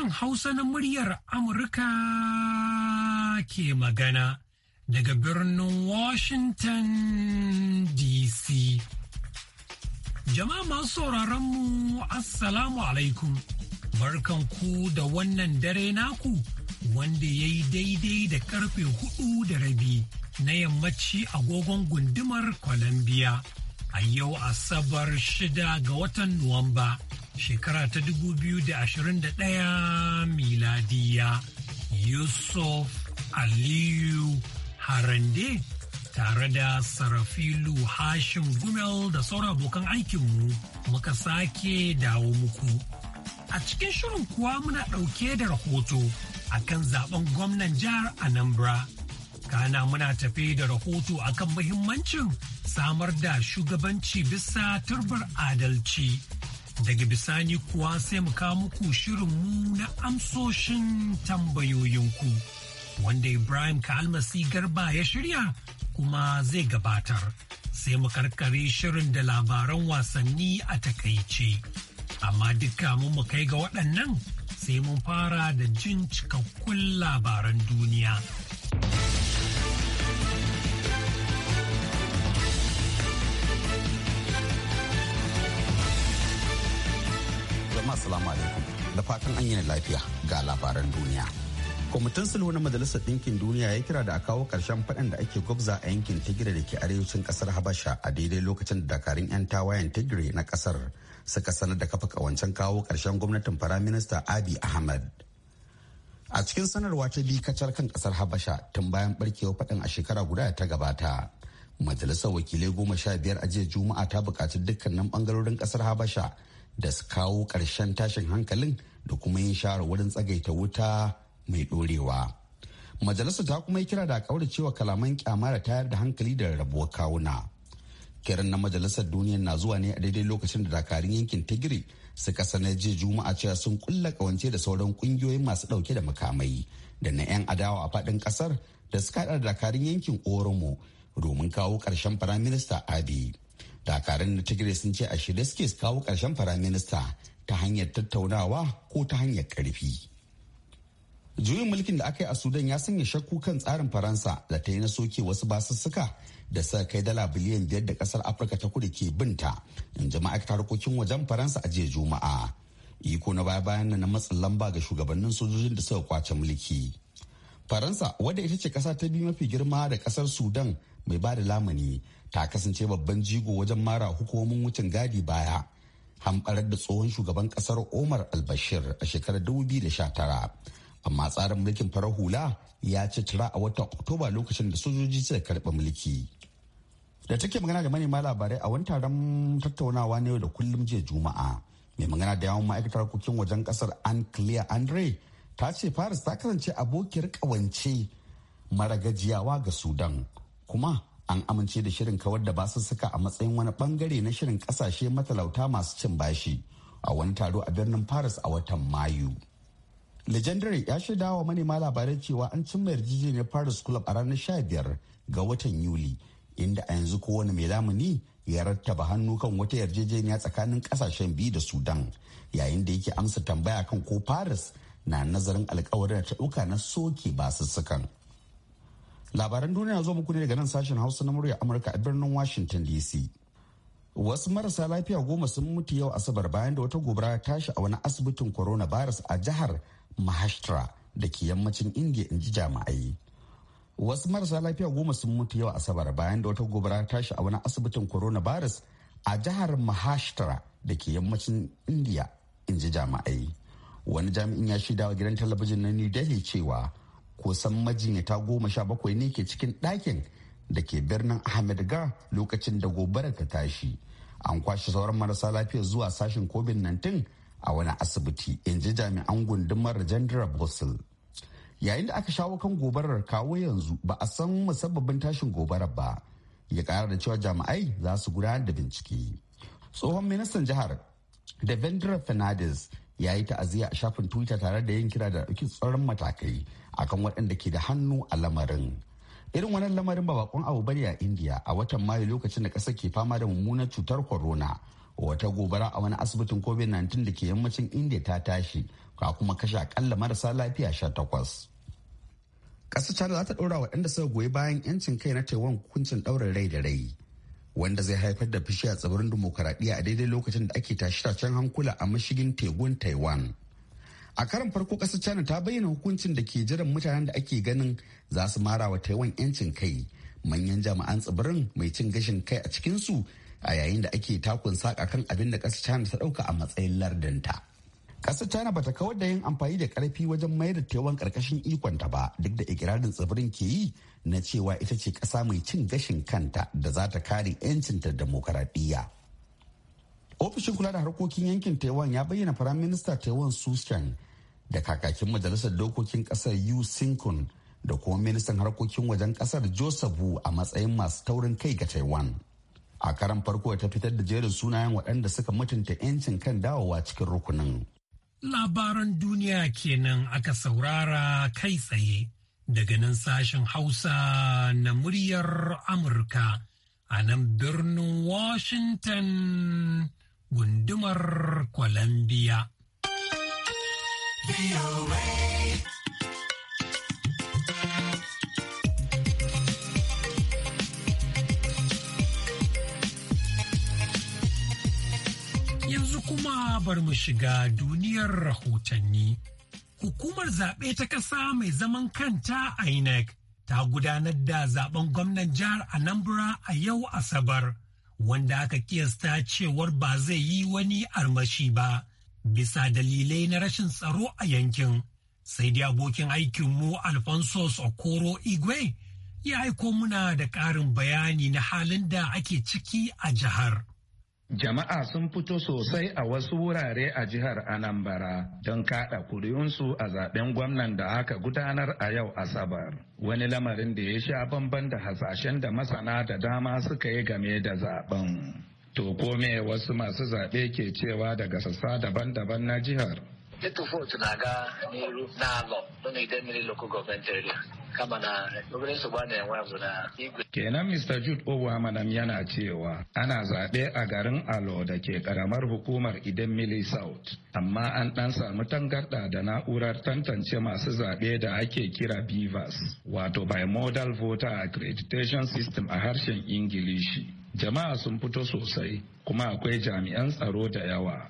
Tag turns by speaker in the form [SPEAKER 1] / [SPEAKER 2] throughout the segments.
[SPEAKER 1] sashen Hausa na muryar Amurka ke magana daga birnin Washington DC. Jama'a masu sauraron mu Assalamu alaikum. Barkan ku da wannan dare naku wanda ya yi daidai da karfe hudu da rabi na yammaci agogon gundumar Columbia a yau Asabar shida ga watan Nuwamba. shekara ta 2021 miladiya Yusuf Aliyu Harande tare da Sarafilu Hashim Gumel da sauran abokan aikinmu muka sake dawo muku. A cikin shirin kuwa muna ɗauke da rahoto akan zaɓen gwamnan jihar Anambra. Kana muna tafe da rahoto akan muhimmancin samar da shugabanci bisa turbar adalci. daga bisani kuwa sai mu kawo muku shirin mu na amsoshin tambayoyinku wanda Ibrahim Kalmasi Garba ya shirya kuma zai gabatar sai mu karkare shirin da labaran wasanni a takaice. Amma duka mu kai ga waɗannan sai mun fara da jin cikakkun labaran duniya.
[SPEAKER 2] jama'a salamu alaikum da fatan an yi lafiya ga labaran duniya kwamitin sulhu na majalisar ɗinkin duniya ya kira da a kawo ƙarshen faɗan da ake gwabza a yankin tigire da ke arewacin ƙasar habasha a daidai lokacin da dakarun 'yan tawayen tigire na ƙasar suka sanar da kafa ƙawancen kawo ƙarshen gwamnatin firaminista abi ahmad a cikin sanarwa ta bi kacar kan ƙasar habasha tun bayan barkewa faɗan a shekara guda ta gabata majalisar wakilai goma sha biyar a jiya juma'a ta buƙaci dukkanin bangarorin ƙasar habasha da su kawo ƙarshen tashin hankalin da kuma yin wurin tsagaita wuta mai ɗorewa. Majalisa ta kuma yi kira da cewa kalaman kyama da tayar da hankali da rabuwar kawuna. Kiran na Majalisar Duniya na zuwa ne a daidai lokacin da dakarun yankin Tigiri suka sanar jiya Juma'a cewa sun kulla kawance da sauran kungiyoyin masu ɗauke da makamai da na 'yan adawa a faɗin ƙasar da suka haɗa dakarun yankin Oromo domin kawo ƙarshen Firaminista Abiy. dakarun na tigray sun ce a shirya suke su kawo ƙarshen firaminista ta hanyar tattaunawa ko ta hanyar karfi. juyin mulkin da aka yi a sudan ya sanya shakku kan tsarin faransa da ta yi na soke wasu basussuka da suka kai dala biliyan biyar da kasar afirka ta kudu ke binta in ji ma'aikatar harkokin wajen faransa a jiya juma'a iko na baya bayan na matsin lamba ga shugabannin sojojin da suka kwace mulki faransa wadda ita ce kasa ta biyu mafi girma da kasar sudan mai ba da lamani ta kasance babban jigo wajen mara hukumomin wucin gadi baya hamɓarar da tsohon shugaban ƙasar omar albashir a shekarar 2019 amma tsarin mulkin farar hula ya ci tura a watan oktoba lokacin da sojoji suka karɓi mulki da take magana da manema labarai a wani taron tattaunawa na yau da kullum jiya juma'a mai magana da yawon ma'aikatar harkokin wajen kasar clear andre ta ce paris ta kasance abokiyar kawance mara gajiyawa ga sudan kuma an amince da shirin kawar da basussuka a matsayin wani bangare na shirin kasashe matalauta masu cin bashi a wani taro a birnin paris a watan mayu legendary ya shaida wa manema labarai cewa an cimma yarjejeniyar paris club a ranar 15 ga watan yuli inda a yanzu kowane mai lamuni ya rattaba hannu kan wata yarjejeniya tsakanin kasashen biyu da sudan yayin da yake amsa tambaya kan ko paris na nazarin alkawarin da ta ɗauka na soke basussukan labaran duniya zo muku ne daga nan sashen hausa na murya amurka a birnin washington dc wasu marasa lafiya goma sun mutu yau asabar bayan da wata gobara tashi a wani asibitin coronavirus a jihar mahashtra da ke yammacin india in ji jami'ai wasu marasa lafiya goma sun mutu yau asabar bayan da wata gobara tashi a wani asibitin corona coronavirus a jihar mahashtra da ke yammacin india in ji jami'ai wani jami'in ya shaida wa gidan talabijin na new delhi cewa kusan majinyata goma sha bakwai ne ke cikin ɗakin da ke birnin ga lokacin da gobarar ta tashi an kwashe sauran marasa lafiya zuwa sashen covid-19 a wani asibiti in ji jami'an gundumar jandra bosil yayin da aka shawo kan gobarar kawo yanzu ba a san musabbabin tashin gobarar ba ya kara da cewa jami'ai za su gudanar da bincike tsohon ministan jihar devendra fernandez ya yi ta'aziyya a shafin twitter tare da yin kira da ɗauki tsaron matakai akan waɗanda ke da hannu a lamarin irin wannan lamarin ba bakon abu bane a india a watan mayu lokacin da ƙasar ke fama da mummunar cutar corona wata gobara a wani asibitin covid-19 da ke yammacin india ta tashi ka kuma kashe akalla marasa lafiya sha takwas. ƙasar china za ta ɗora waɗanda suka goyi bayan 'yancin kai na taiwan hukuncin ɗaurin rai da rai wanda zai haifar da fishi a tsibirin dimokuraɗiyya a daidai lokacin da ake tashe-tashen hankula a mashigin tegun taiwan a karan farko ƙasar china ta bayyana hukuncin da ke jiran mutanen da ake ganin za su mara wa taiwan 'yancin kai manyan jami'an tsibirin mai cin gashin kai a cikinsu a yayin da ake takun saƙa kan abin da ƙasar china ta ɗauka a matsayin lardinta. kasar china bata kawar da yin amfani da karfi wajen mayar da taiwan karkashin ikonta ba duk da ikirarin tsibirin ke yi na cewa ita ce kasa mai cin gashin kanta da za ta kare 'yancinta demokaradiyya ofishin kula da harkokin yankin taiwan ya bayyana firaminista taiwan su da kakakin majalisar dokokin kasar yu sinkun da kuma ministan harkokin wajen kasar joseph wu a matsayin masu taurin kai ga taiwan a karan farko ta fitar da jerin sunayen waɗanda suka mutunta 'yancin kan dawowa cikin rukunin
[SPEAKER 1] Labaran duniya kenan aka saurara kai tsaye daga nan sashen Hausa na muryar Amurka a nan birnin Washington gundumar Columbia. Yanzu kuma bar mu shiga duniyar rahotanni. Hukumar zaɓe ta ƙasa mai zaman kanta INEC ta gudanar da zaɓen gwamnan jihar Anambra a yau Asabar, wanda aka kiyasta cewar ba zai yi wani armashi ba, bisa dalilai na rashin tsaro a yankin. Sai dai abokin aikinmu Alphonsus Okoro Igwe ya aiko muna da ƙarin bayani na halin da ake ciki a jihar.
[SPEAKER 3] Jama'a sun fito sosai a wasu wurare a jihar Anambara don kada kuriyunsu a zaben gwamnan da aka gudanar a yau Asabar. Wani lamarin da ya sha bamban da hasashen da masana da dama suka yi game da zaben. To kome wasu masu zaɓe ke cewa daga sassa daban-daban na jihar.
[SPEAKER 4] Ịtụ na-aga n'iru n'alọ Local Government Area kama na obere nsogbu a
[SPEAKER 3] na-enwe bụ na Kenan Mr. Jude Owamanam yana cewa ana zaɓe a garin Alo da ke ƙaramar hukumar idan mili South, amma an ɗan samu tangarɗa da na'urar tantance masu zaɓe da ake kira BIVAS, wato Modal Voter Accreditation System a harshen Ingilishi. Jama'a sun fito sosai, kuma akwai jami'an tsaro da yawa.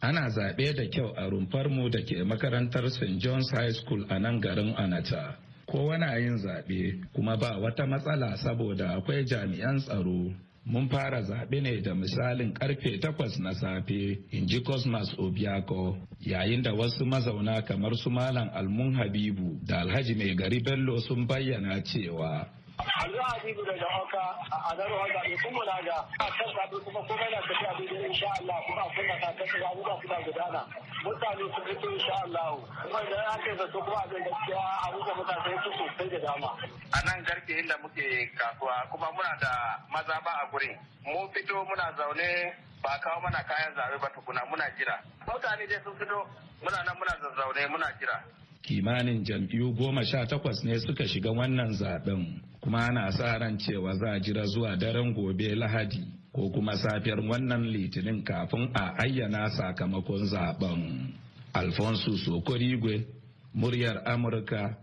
[SPEAKER 3] Ana zaɓe da kyau a rumfar mu da ke makarantar St. John's High School a nan garin Anata. Kowa na yin zaɓe kuma ba wata matsala saboda akwai jami'an tsaro. Mun fara zaɓe ne da misalin karfe takwas na safe, in ji Cosmas Obiako, yayin da wasu mazauna kamar su Malam Almun Habibu da Alhaji Mai Gari Bello sun bayyana cewa Yanzu Habibu daga Oka a Adaro Oka bai kuma na ga a kan zaɓe
[SPEAKER 1] kuma kuma yana tafiya daidai insha Allah kuma a kunna ta kashe abubuwa suna gudana. Mutane su fito insha Allah kuma idan aka yi zato kuma abin da ya abubuwa mutane su sosai da
[SPEAKER 3] dama. A nan garke inda muke kasuwa kuma muna da maza ba a gurin. Mu
[SPEAKER 5] fito muna zaune ba kawo mana kayan zaɓe ba tukuna muna jira. Mutane dai sun fito
[SPEAKER 3] muna nan muna zazzaune muna jira. kimanin jam'iyyu goma sha takwas ne suka shiga wannan zaben kuma ana sa ran cewa za a jira zuwa daren gobe lahadi ko kuma safiyar wannan litinin kafin a ayyana sakamakon zaben alfonso sokorigwe muryar amurka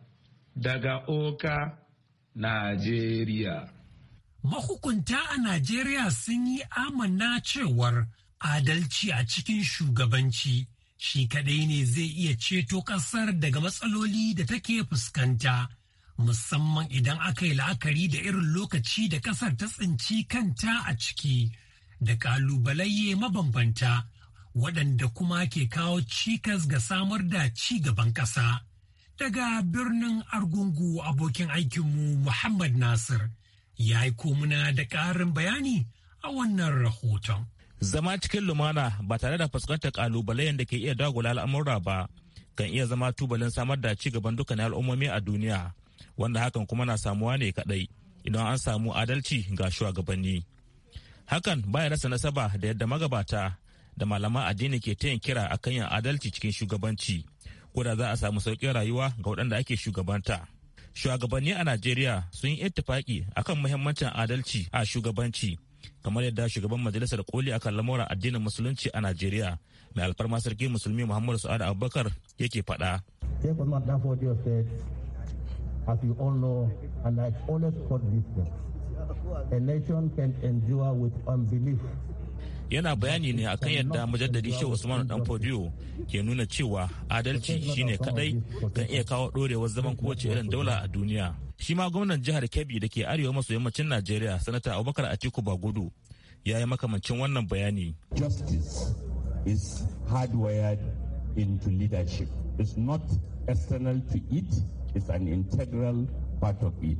[SPEAKER 3] daga oka najeriya
[SPEAKER 1] mahukunta a najeriya sun yi amana cewar adalci a cikin shugabanci shi kadai ne zai iya ceto kasar daga matsaloli da take fuskanta musamman idan aka yi la'akari da irin lokaci da kasar ta tsinci kanta a ciki da kalubalaye mabambanta waɗanda kuma ke kawo cikas ga samar da ci gaban ƙasa. Daga birnin Argungu abokin aikinmu Muhammad Nasir ya yi komuna da ƙarin bayani a wannan rahoton.
[SPEAKER 6] zama cikin lumana ba tare da fuskantar kalubalai da ke iya dagula al'amura ba kan iya zama tubalin samar da ci gaban dukkan al'ummomi a duniya wanda hakan kuma na samuwa ne kadai idan an samu adalci ga shugabanni hakan baya rasa nasaba da yadda magabata da malaman addini ke ta yin kira akan yin adalci cikin shugabanci ko da za a samu sauƙin rayuwa ga waɗanda ake shugabanta shugabanni a najeriya sun yi ittifaki akan muhimmancin adalci a shugabanci kamar yadda shugaban majalisar koli akan lamura addinin musulunci a najeriya mai alfarma sarki musulmi muhammadu su'ad abubakar yake fada.
[SPEAKER 7] As you all know, and always
[SPEAKER 6] yana bayani ne akan yadda majaddadi shehu usman dan fodiyo ke nuna cewa adalci shine kadai kan iya kawo dorewar zaman kowace irin daula a duniya shi ma gwamnan jihar kebbi da ke arewa maso yammacin najeriya sanata abubakar atiku bagudu ya yi makamancin wannan bayani justice
[SPEAKER 2] is hardwired
[SPEAKER 6] into leadership it's not external to it it's an integral part of it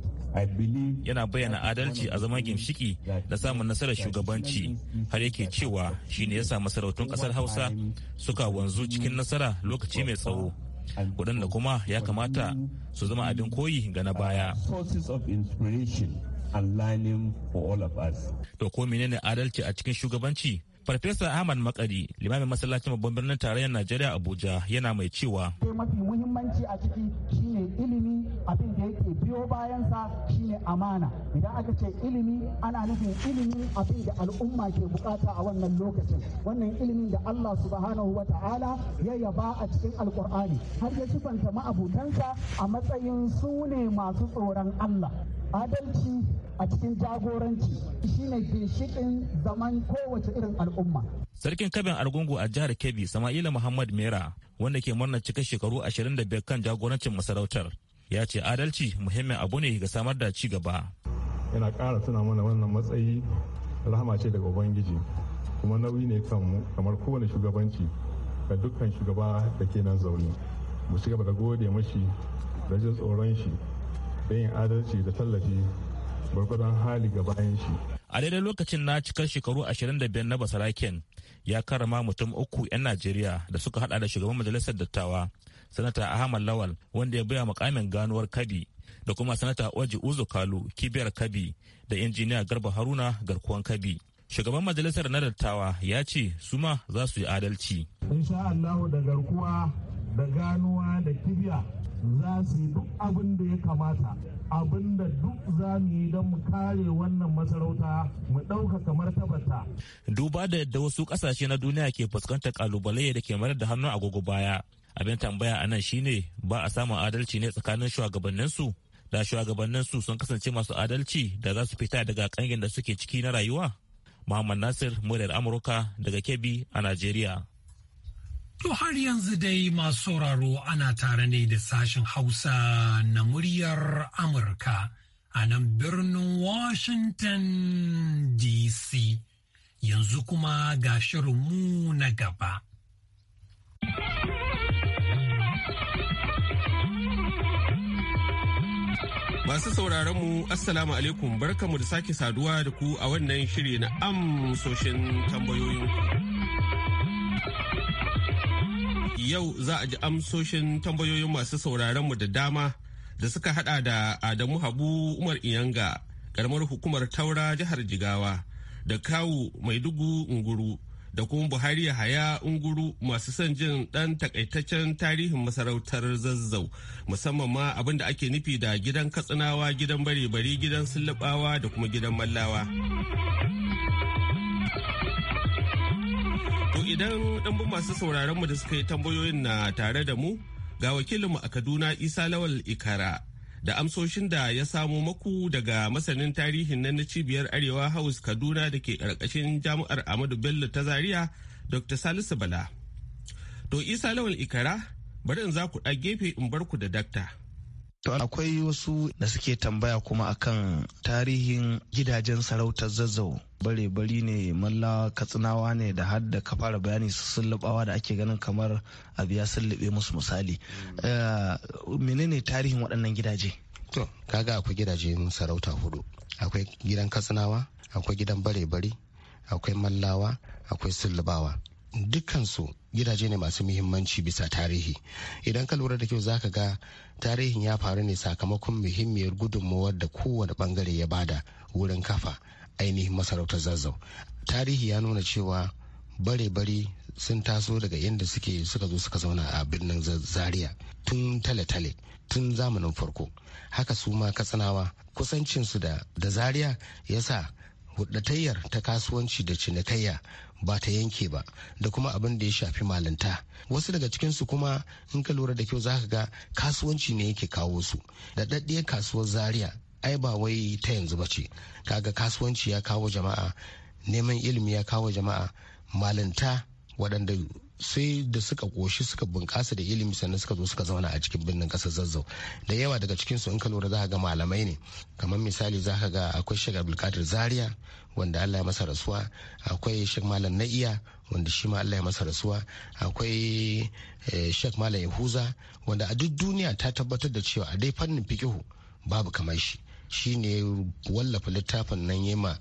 [SPEAKER 6] yana bayyana adalci a zaman gimshiki da samun nasarar shugabanci har yake cewa shine ya sa masarautun kasar hausa suka wanzu cikin nasara lokaci mai tsawo waɗanda kuma ya kamata su zama abin koyi ga na baya. To ko menene adalci a cikin shugabanci? Farfesa Ahmad Makari, limamin masallacin babban birnin tarayyar Najeriya Abuja yana mai cewa.
[SPEAKER 2] Mafi muhimmanci a ciki shine ilimi abin da yake biyo baya? amana idan aka ce ilimi ana nufin ilimin abin da al'umma ke bukata a wannan lokacin wannan ilimin da Allah subhanahu wa ta'ala ya yaba a cikin alkur'ani har ya sifanta ma'abutansa a matsayin su ne masu tsoron Allah adalci a cikin jagoranci shine ginshiƙin zaman kowace irin al'umma.
[SPEAKER 6] Sarkin kabin argungu a jihar Kebbi Sama'ila Muhammad Mera wanda ke murnar cika shekaru 25 kan jagorancin masarautar ya ce adalci muhimmin abu ne ga samar da ci gaba
[SPEAKER 3] yana ƙara tuna mana wannan matsayi rahama ce daga ubangiji kuma nauyi ne mu kamar kowane shugabanci ga dukkan shugaba da ke nan zaune mu ci gaba da gode mashi da jin tsoron shi da yin adalci da tallafi gwargwadon hali ga bayan shi
[SPEAKER 6] a daidai lokacin na cikar shekaru 25 na basaraken ya karama mutum uku 'yan najeriya da suka hada da shugaban majalisar dattawa sanata ahmad lawal wanda ya baya mukamin ganuwar kabi da kuma sanata oji uzu kalu kibiyar kabi da injiniya garba haruna garkuwan kabi shugaban majalisar na dattawa ya ce su ma za su yi adalci
[SPEAKER 5] insha allahu da garkuwa da ganuwa da kibiya za su yi duk abin da ya kamata abin duk za mu yi don mu kare wannan masarauta mu ɗauka kamar tabbata.
[SPEAKER 6] Duba da yadda wasu ƙasashe na duniya ke fuskantar ƙalubale da ke mayar da hannu agogo baya abin tambaya a nan shine ba a samun adalci ne tsakanin shugabanninsu da shugabanninsu sun kasance masu adalci da za su fita daga kangin da suke ciki na rayuwa muhammad nasir muryar amurka daga kebbi a najeriya
[SPEAKER 1] To har yanzu dai masu sauraro ana tare ne da sashen Hausa na muryar Amurka a nan birnin Washington DC. Yanzu kuma ga shirinmu na gaba.
[SPEAKER 5] Masu sauraron mu Assalamu alaikum barkamu da sake saduwa da ku a wannan shiri na amsoshin tambayoyin. Yau za a ji amsoshin tambayoyin masu sauraron mu da dama da suka hada da Adamu Habu Umar Iyanga, karamar hukumar Taura jihar Jigawa, da Kawu dugu Nguru, da kuma Buhari haya Unguru masu son jin ɗan takaitaccen tarihin masarautar zazzau musamman ma abinda ake nufi da gidan katsinawa gidan bare-bari gidan sullubawa da kuma gidan mallawa. To idan ɗanbun masu sauraron mu da suka yi tambayoyin na tare da mu ga wakilinmu a Kaduna Isa Lawal Ikara da amsoshin da ya samo maku daga masanin tarihin nan na cibiyar arewa house kaduna da ke karkashin jami'ar amadu bello ta zaria dr salisu bala to isa lawal ikara bari in za ku ɗa gefe in barku da dakta
[SPEAKER 7] To akwai wasu da suke tambaya kuma akan tarihin gidajen sarautar zazzau bare-bari ne malla katsinawa ne da har ka fara bayani su sullubawa da ake ganin kamar abu ya sullube musu misali eh, menene tarihin waɗannan gidaje to kaga akwai gidajen sarauta hudu akwai gidan katsinawa akwai gidan bare-bari akwai mallawa akwai sullubawa dukansu gidaje ne masu muhimmanci bisa tarihi idan ka lura da kyau za ka ga tarihin ya faru ne sakamakon muhimmiyar gudunmawar da kowane bangare ya bada wurin kafa ainihin masarautar zazzau tarihi ya nuna cewa bare-bare sun taso daga yadda suke suka zo suka zauna a birnin zaria tun tale-tale tun zamanin farko haka su ma katsinawa kusancinsu da zaria ya sa hudatayyar ta kasuwanci da cinikayya ba ta yanke ba da kuma abin da ya shafi malinta wasu daga cikinsu kuma in ka lura da kyau za ka ga kasuwanci ne yake kawo su da daddiyar kasuwar zaria ai ba wai ta yanzu ba ce kaga kasuwanci ya kawo jama'a neman ilimi ya kawo jama'a malinta waɗanda sai da suka koshi suka bunƙasa da ilimi sannan suka zo suka zauna a cikin birnin ƙasar zazzau da yawa daga cikin su in ka lura za ga malamai ne kamar misali za ka ga akwai shiga bulkatar zaria wanda allah ya masa rasuwa akwai shek malam na'iya wanda shi ma allah ya masa rasuwa akwai eh, shek malam yahuza wanda a duk duniya ta tabbatar da cewa a dai fannin fikihu babu kamar shi shi ne wallafa littafin nan ma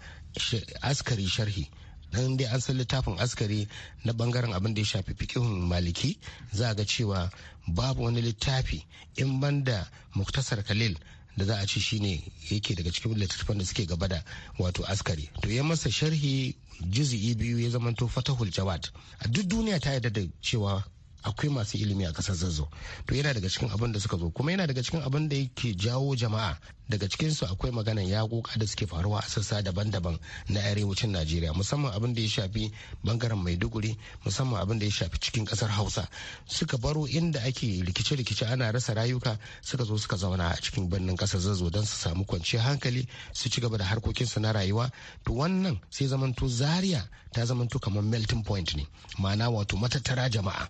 [SPEAKER 7] askari sharhi dan dai an san littafin askari na bangaren abin da ya shafi fikihun maliki za a ga cewa babu wani littafi in banda muktasar khalil da za a ci shine yake daga cikin littattafan da suke gaba da wato askari to ya masa sharhi juzi biyu ya zamanto fatahul jawad a duk duniya ta yarda da cewa akwai masu ilimi a kasar zazzau to yana daga cikin abin da suka zo kuma yana daga cikin abin da yake jawo jama'a daga cikinsu akwai maganan yakoka da suke faruwa a sassa daban-daban na arewacin najeriya musamman abin da ya shafi bangaren maiduguri musamman abin da ya shafi cikin kasar hausa suka baro inda ake rikice-rikice ana rasa rayuka suka zo suka zauna a cikin birnin kasar zazzau don su samu kwanciyar hankali su ci gaba da harkokinsu na rayuwa to wannan sai zamanto zaria ta zamanto kamar melting point ne ma'ana wato matattara jama'a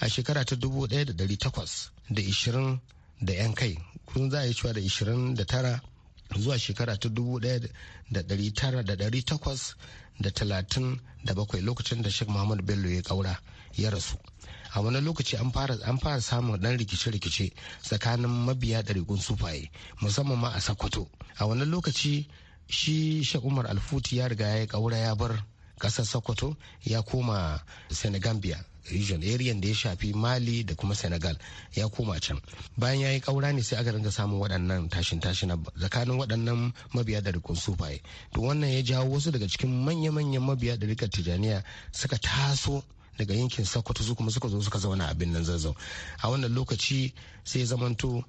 [SPEAKER 7] a shekara ta 1820 da da 'yan kai kun za a yi cewa da 29 zuwa shekara ta bakwai. lokacin da Sheikh Muhammad Bello ya kaura ya rasu. A wani lokaci an fara samun dan rikice-rikice tsakanin mabiya ɗarigun sufaye musamman ma a Sokoto. A wani lokaci shi shek Umar Alfuti ya riga ya kaura ya bar ƙasar Sokoto ya koma Senegambia region area da ya shafi mali da kuma senegal ya koma can bayan ya yi kaura ne sai aka ringa samun waɗannan tashin tashin tsakanin waɗannan mabiya da rikon sufaye to wannan ya jawo wasu daga cikin manya-manyan mabiya da rikon tijaniya suka taso daga yankin sokoto su kuma suka zo suka zauna a birnin zazzau a wannan lokaci sai zamanto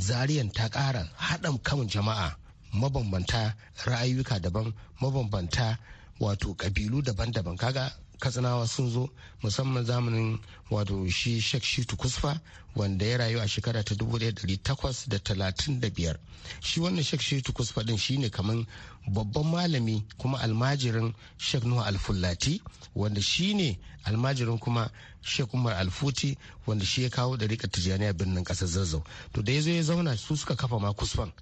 [SPEAKER 7] zariyan ta ƙara haɗin kan jama'a mabambanta ra'ayuka daban mabambanta wato ƙabilu daban-daban kaga katsinawa sun zo musamman zamanin wato shi shek shitu kusfa wanda ya rayu a shekara ta da 1835 shi wannan shek shitu kusfa din shine kamar babban malami kuma almajirin shek nuhu alfullati wanda shine almajirin kuma shek umar alfuti wanda shi ya kawo da ɗariƙar tijjaniya birnin kasar zazzau to da ya zo ya zauna su suka kafa ma kusfan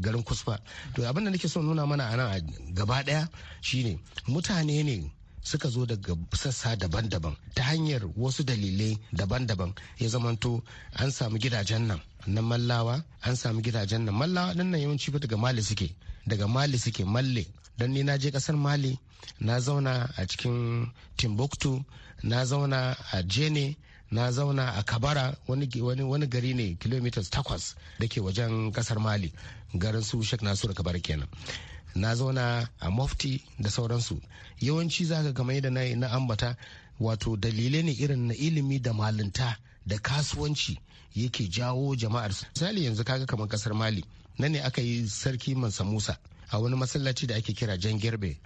[SPEAKER 7] garin kusfa to abin da nake so nuna mana a nan gaba daya shine mutane ne suka zo daga sassa daban-daban ta hanyar wasu dalilai daban-daban ya zamanto an samu gidajen nan na mallawa an samu gidajen nan mallawa nan nan yawanci fa daga mali suke daga mali suke malle don ni na je kasar mali na zauna a cikin timbuktu na zauna a jene na zauna a kabara wani, gari ne kilomitas takwas da ke wajen kasar mali garin su shek nasu da kabar kenan na zauna a mufti da sauransu yawanci zaka kamar da na ambata wato dalilai ne irin na ilimi da malinta da kasuwanci yake jawo jama'ar misali yanzu kaga kamar kasar mali na ne aka yi sarki mansa musa a wani masallaci da ake kira jan gerbe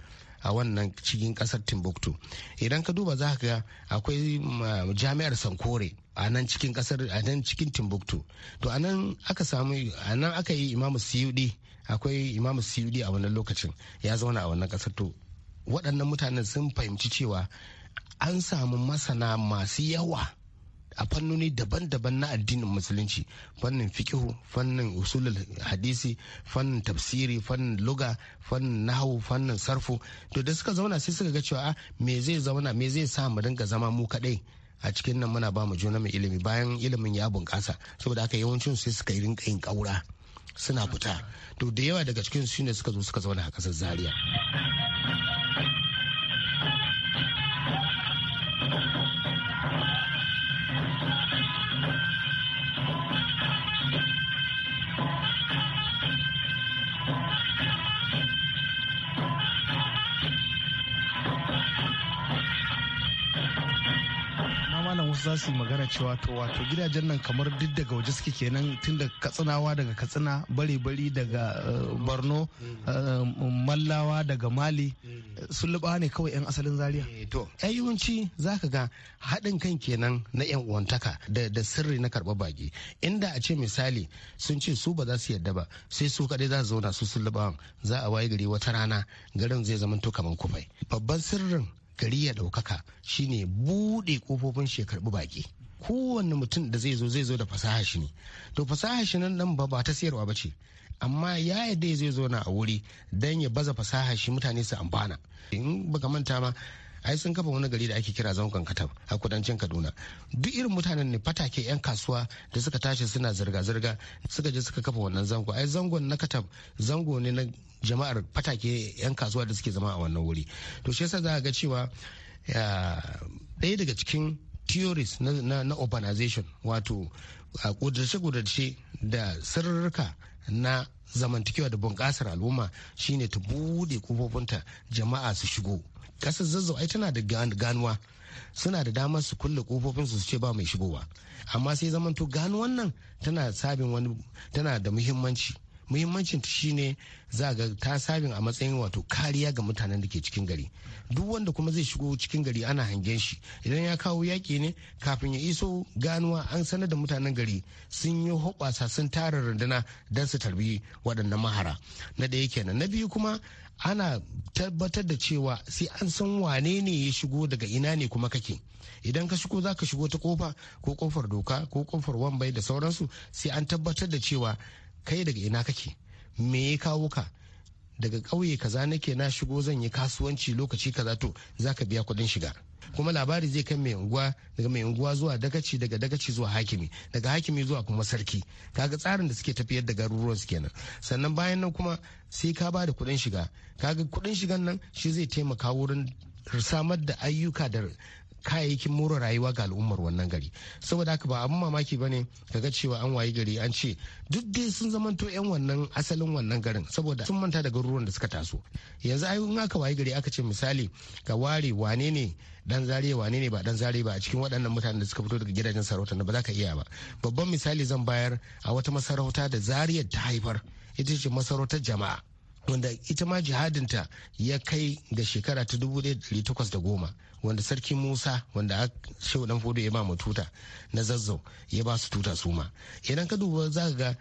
[SPEAKER 7] a wannan cikin kasar timbuktu idan ka duba za ga akwai mm, ah, jami'ar sankore a nan cikin kasar a nan cikin timbuktu to a nan aka samu a nan aka yi imamu siyudi akwai imamu siyudi a wannan lokacin ya zauna a wannan kasar to waɗannan mutanen sun fahimci cewa an samu masana masu yawa a fannoni daban-daban na addinin musulunci fannin fikihu fannin usulul hadisi fannin tafsiri fannin luga fannin nahu fannin sarfu to da suka zauna sai suka ga cewa ah, me zai zauna me zai sa mu dinga zama mu kadai a cikin nan muna ba mu juna mai ilimi bayan ilimin ya bunƙasa saboda haka yawancin sai suka yi rinka yin ƙaura suna fita to da yawa daga cikin su ne suka zo suka zauna a kasar zaria za su magana cewa to wato gidajen nan kamar duk daga waje suke kenan tun da katsinawa daga katsina bare-bari daga eh, borno eh, mallawa daga mali sun luba ne kawai 'yan asalin zaria eh, to yawanci za ka ga haɗin kan kenan na 'yan uwantaka da sirri na karɓar baki inda a ce misali sun ce su ba za su yadda ba sai su kaɗai za su zauna su sun za a waye gari wata rana garin zai zama to kamar kufai babban sirrin gari ya ɗaukaka shine buɗe kofofin shi ya karɓi baƙi kowanne mutum da zai zo zai zo da fasaha shi ne to fasaha shi nan nan ba ba ta sayarwa ba ce amma ya yadda zai zo na a wuri don ya baza fasaha shi mutane su amfana in baka manta ma ai sun kafa wani gari da ake kira zangon katam a kudancin kaduna duk irin mutanen ne fatake yan kasuwa da suka tashi suna zirga-zirga suka je suka kafa wannan zango ai zangon na katam zango ne na jama'ar fatake yan kasuwa da suke zama a wannan wuri to shi yasa za ga cewa ɗaya daga cikin theories na, urbanization wato a kudurce-kudurce da sirrika na zamantakewa da bunƙasar al'umma shine ta bude kofofinta jama'a su shigo kasar zazzau tana da ganuwa suna da damar su kulle kofofin su ce ba mai shigowa amma sai zamanto ganuwan nan tana sabin wani tana da muhimmanci muhimmancin ta shine za ga ta sabin a matsayin wato kariya ga mutanen da ke cikin gari duk wanda kuma zai shigo cikin gari ana hangen shi idan ya kawo yaƙi ne kafin ya iso ganuwa an sanar da mutanen gari sun yi hoɓasa sun tara runduna don su tarbi waɗannan mahara na ɗaya kenan na biyu kuma ana tabbatar da cewa sai an san wane ne ya shigo daga ina ne kuma kake idan ka shigo za ka shigo ta kofa ko kofar doka ko kofar wambai da sauransu sai an tabbatar da cewa kai daga ina kake me ya kawo ka daga ƙauye kaza nake na shigo zan yi kasuwanci lokaci kaza to za ka biya kuɗin shiga kuma labari zai kai mai unguwa daga mai unguwa zuwa dagaci daga dagaci zuwa hakimi daga hakimi zuwa kuma sarki kaga tsarin da suke tafiyar da garuruwan su kenan sannan bayan nan kuma sai ka bada da kuɗin shiga kaga kuɗin shigan nan shi zai taimaka wurin samar da ayyuka da kayayyakin more rayuwa ga al'ummar wannan gari saboda haka ba abin mamaki ba ne kaga cewa an wayi gari an ce duk dai sun zamanto 'yan wannan asalin wannan garin saboda sun manta da garuruwan da suka taso yanzu ai in aka wayi gari aka ce misali ga ware wane ne dan zare wane ne ba dan zare ba a cikin waɗannan mutanen da suka fito daga gidajen sarauta ba za ka iya ba babban misali zan bayar a wata masarauta da zariyar ta haifar ita ce masarautar jama'a wanda ita ma jihadinta ya kai ga shekara ta 1810 wanda sarki musa wanda shehu dan fodo ya ba mu tuta na zazzau ya ba su tuta su ma idan ka duba za ga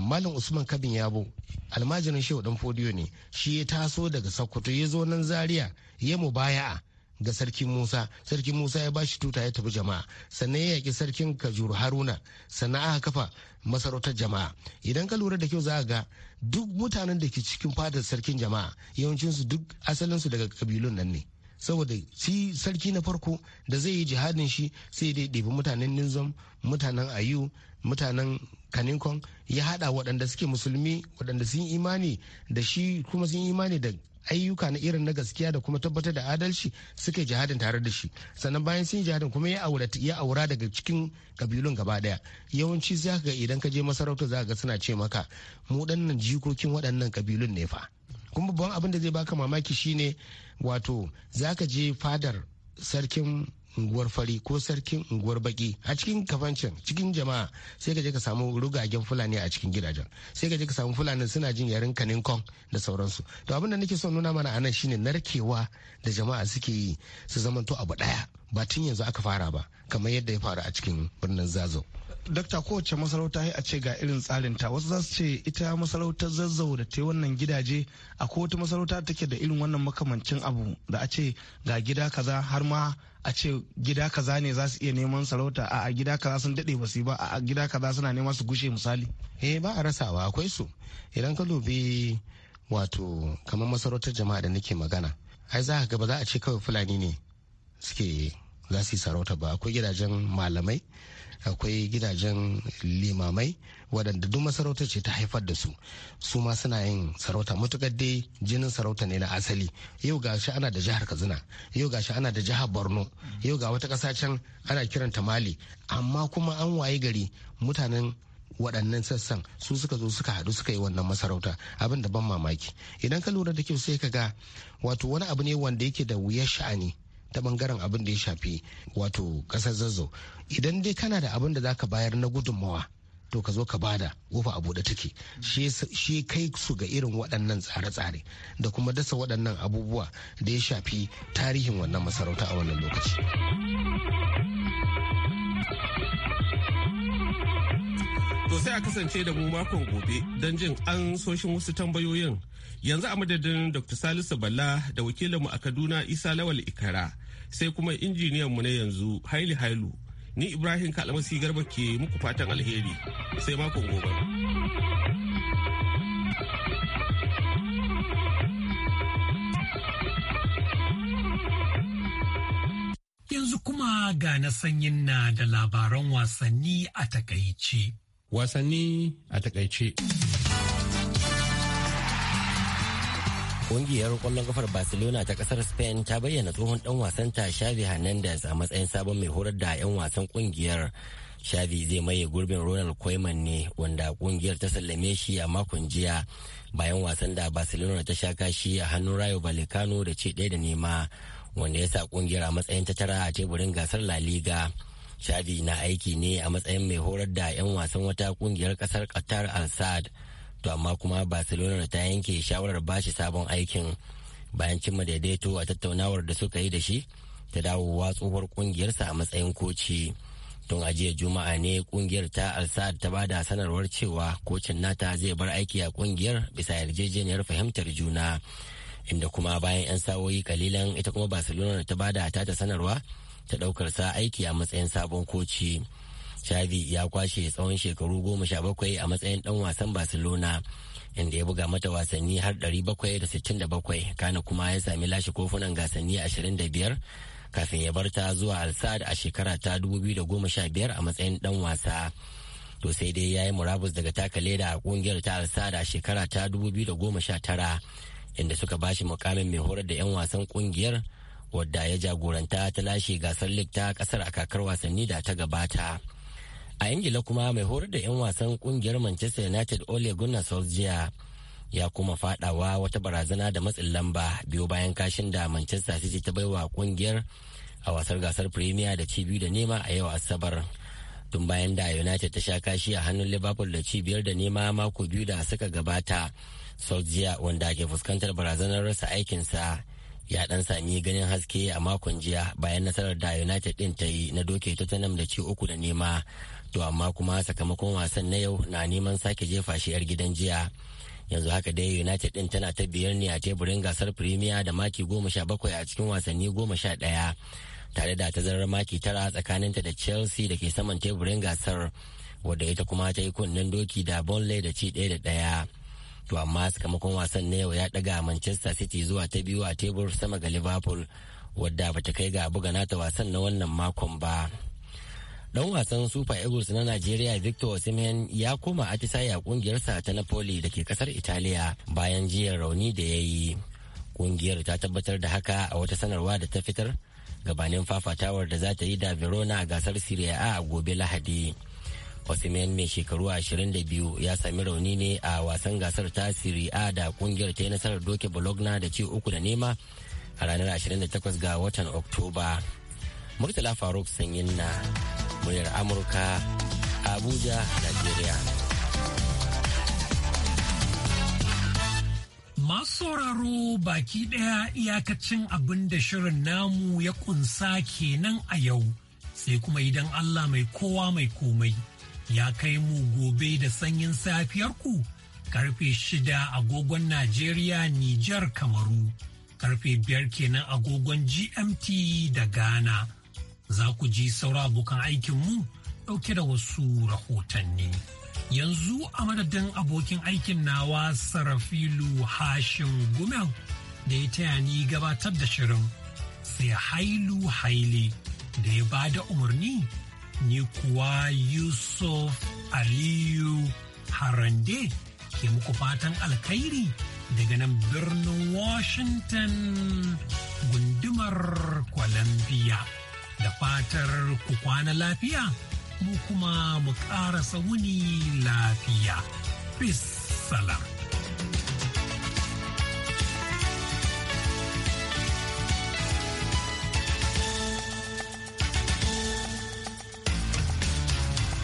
[SPEAKER 7] malam usman kabin yabo almajirin shehu dan fodo ne shi ya taso daga sokoto ya zo nan zaria ya mu baya ga sarki musa sarki musa ya bashi tuta ya tafi jama'a sannan ya yaki sarkin kajuru haruna sannan aka kafa masarautar jama'a idan ka lura da kyau za ga duk mutanen da ke cikin fadar sarkin jama'a yawancinsu duk asalinsu daga kabilun nan ne saboda shi sarki na farko da zai yi jihadin shi sai dai ɗebi mutanen ninzam mutanen ayu mutanen kaninkon ya hada waɗanda suke musulmi waɗanda sun imani da shi kuma sun imani da ayyuka na irin na gaskiya da kuma tabbatar da adalci suke jihadin tare da shi sannan bayan sun yi jihadin kuma ya aura ya aura daga cikin kabilun gaba daya yawanci za ga idan ka je masarauta za ka ga suna ce maka mu dannan jikokin waɗannan kabilun ne fa kuma babban abin da zai baka mamaki shine wato zaka je fadar sarkin unguwar fari ko sarkin unguwar baki a cikin kafancin cikin jama'a sai ka je ka samu rugagen fulani a cikin gidajen sai ka je ka samu fulani suna jin yarin kanin kong da sauransu to abin da nake son nuna mana anan shine narkewa da jama'a suke yi su zamanto abu daya ba tun yanzu aka fara ba kamar yadda ya faru a cikin birnin zazo dakta kowace masarauta a ce ga irin tsarin ta wasu za su ce ita masarautar zazzau da ta wannan gidaje a wata masarauta take da irin wannan makamancin abu da a ce ga gida kaza har ma a ce gida kaza ne za su iya neman sarauta a gida kaza sun dade ba su ba a gida kaza suna neman su gushe misali eh ba a rasawa akwai su idan ka dubi wato kamar masarautar jama'a da nake magana ai za ka ga ba za a ce kawai fulani ne suke za su yi sarauta ba akwai gidajen malamai akwai gidajen limamai waɗanda duk masarauta ce ta haifar da su su ma suna yin sarauta matukar dai jinin sarauta ne na asali yau ga shi ana da jihar kazina yau ga shi ana da jihar borno yau ga wata ƙasa can ana kiranta mali amma kuma an waye gari mutanen waɗannan sassan su suka zo suka haɗu suka yi wannan masarauta abin da ban mamaki idan ka lura da kyau sai ka ga wato wani abu ne wanda yake da wuyar sha'ani ta bangaren abin da ya shafi wato kasar zazzau idan dai kana da abin da zaka bayar na gudunmawa to ka zo ka bada kofa a buɗe take shi kai su ga irin waɗannan tsare-tsare da kuma dasa waɗannan abubuwa da ya shafi tarihin wannan masarauta a wannan lokaci
[SPEAKER 5] To sai a kasance da mu makon gobe don jin an soshin wasu tambayoyin yanzu a madadin Dr. Salisu Balla da wakilinmu a Kaduna Isa Lawal Ikara. sai kuma injiniyan mu na yanzu haili hailu ni ibrahim kalamasi garba ke muku fatan alheri sai makon gobe
[SPEAKER 1] yanzu kuma ga na sanyin na da labaran wasanni a takaice
[SPEAKER 4] wasanni a takaice Ƙungiyar ƙwallon kafar Barcelona ta ƙasar Spain ta bayyana tsohon ɗan wasan ta Xavi Hernandez a matsayin sabon mai horar da 'yan wasan ƙungiyar. Xavi zai maye gurbin Ronald Koeman ne wanda ƙungiyar ta sallame shi a makon jiya bayan wasan da Barcelona ta sha kashi a hannun Rayo Vallecano da ce ɗaya da nema wanda ya sa ƙungiyar a matsayin ta tara a teburin gasar La Liga. Xavi na aiki ne a matsayin mai horar da 'yan wasan wata ƙungiyar ƙasar Qatar Al-Sadd. to amma kuma barcelona ta yanke shawarar ba shi sabon aikin bayan cimma daidaito a tattaunawar da suka yi da shi ta dawowa tsohuwar kungiyarsa a matsayin koci tun a juma'a ne kungiyar ta alsad ta bada sanarwar cewa kocin nata zai bar aiki a kungiyar bisa yarjejeniyar fahimtar juna inda kuma bayan 'yan sawoyi kalilan ita kuma barcelona ta bada ta ta sanarwa ta daukar sa aiki a matsayin sabon koci. Xavi ya kwashe tsawon shekaru goma sha bakwai a matsayin ɗan wasan Barcelona inda ya buga mata wasanni har 767 kana kuma ya sami lashe kofunan gasanni 25 kafin ya bar ta zuwa alsad a shekara ta 2015 a matsayin ɗan wasa. To sai dai ya yi murabus daga taka leda a kungiyar ta alsad a shekara ta 2019 inda suka bashi mukamin mai horar da 'yan wasan kungiyar wadda ya jagoranta ta lashe gasar lig ta kasar a kakar wasanni da ta gabata. a ingila kuma mai horar da 'yan wasan kungiyar manchester united ole gunnar solskjaer ya kuma fadawa wata barazana da matsin lamba biyu bayan kashin da manchester city ta baiwa kungiyar a wasar gasar premier da ci biyu da nema a yau asabar tun bayan da united ta sha kashi a hannun liverpool da ci biyar da nema mako biyu da suka gabata solskjaer wanda ke fuskantar barazanar rasa aikinsa ya dan sami ganin haske a makon jiya bayan nasarar da united din ta yi na doke tottenham da ci uku da nema to amma kuma sakamakon wasan na yau na neman sake jefa shi 'yar gidan jiya yanzu haka dai united din tana ta biyar ne a teburin gasar premier da maki goma sha bakwai a cikin wasanni goma sha ɗaya tare da tazarar maki tara tsakaninta da chelsea da ke saman teburin gasar wadda ita kuma ta yi kunnen doki da bonley da ci daya da ɗaya to amma sakamakon wasan na yau ya ɗaga manchester city zuwa ta biyu a tebur sama ga liverpool wadda bata kai ga buga nata wasan na wannan makon ba Dan wasan Super Eagles na Nigeria Victor Osimhen ya koma atisaye a kungiyarsa ta Napoli da ke kasar Italiya bayan jiya rauni da ya yi. Kungiyar ta tabbatar da haka a wata sanarwa da ta fitar gabanin fafatawar da za ta yi da Verona a gasar Syria A gobe Lahadi. Osimhen mai shekaru 22 ya sami rauni ne a wasan gasar ta Syria da kungiyar ta yi nasarar doke Bologna da ci uku da nema a ranar 28 ga watan Oktoba. Murtala Faruk Sanyin na muryar amurka abuja nigeria
[SPEAKER 1] Masu sauraro baki ɗaya iyakacin abin da shirin namu ya kunsa kenan a yau, sai kuma idan Allah mai kowa mai komai ya kai mu gobe da sanyin safiyarku karfe shida agogon Najeriya Nijar Kamaru, karfe biyar kenan agogon GMT da Ghana. za ku ji saura abokan aikinmu ɗauke da wasu rahotanni. Yanzu a madadin abokin aikin nawa Sarafilu Hashim Gumel da ya taya ni gabatar da shirin sai Hailu Haile da ya ba da umarni ni kuwa Yusuf Aliyu Harande ke muku fatan alkhairi daga nan birnin Washington gundumar Columbia. da fatar ku kwana lafiya mu kuma mu ƙara sauni lafiya. Peace salam.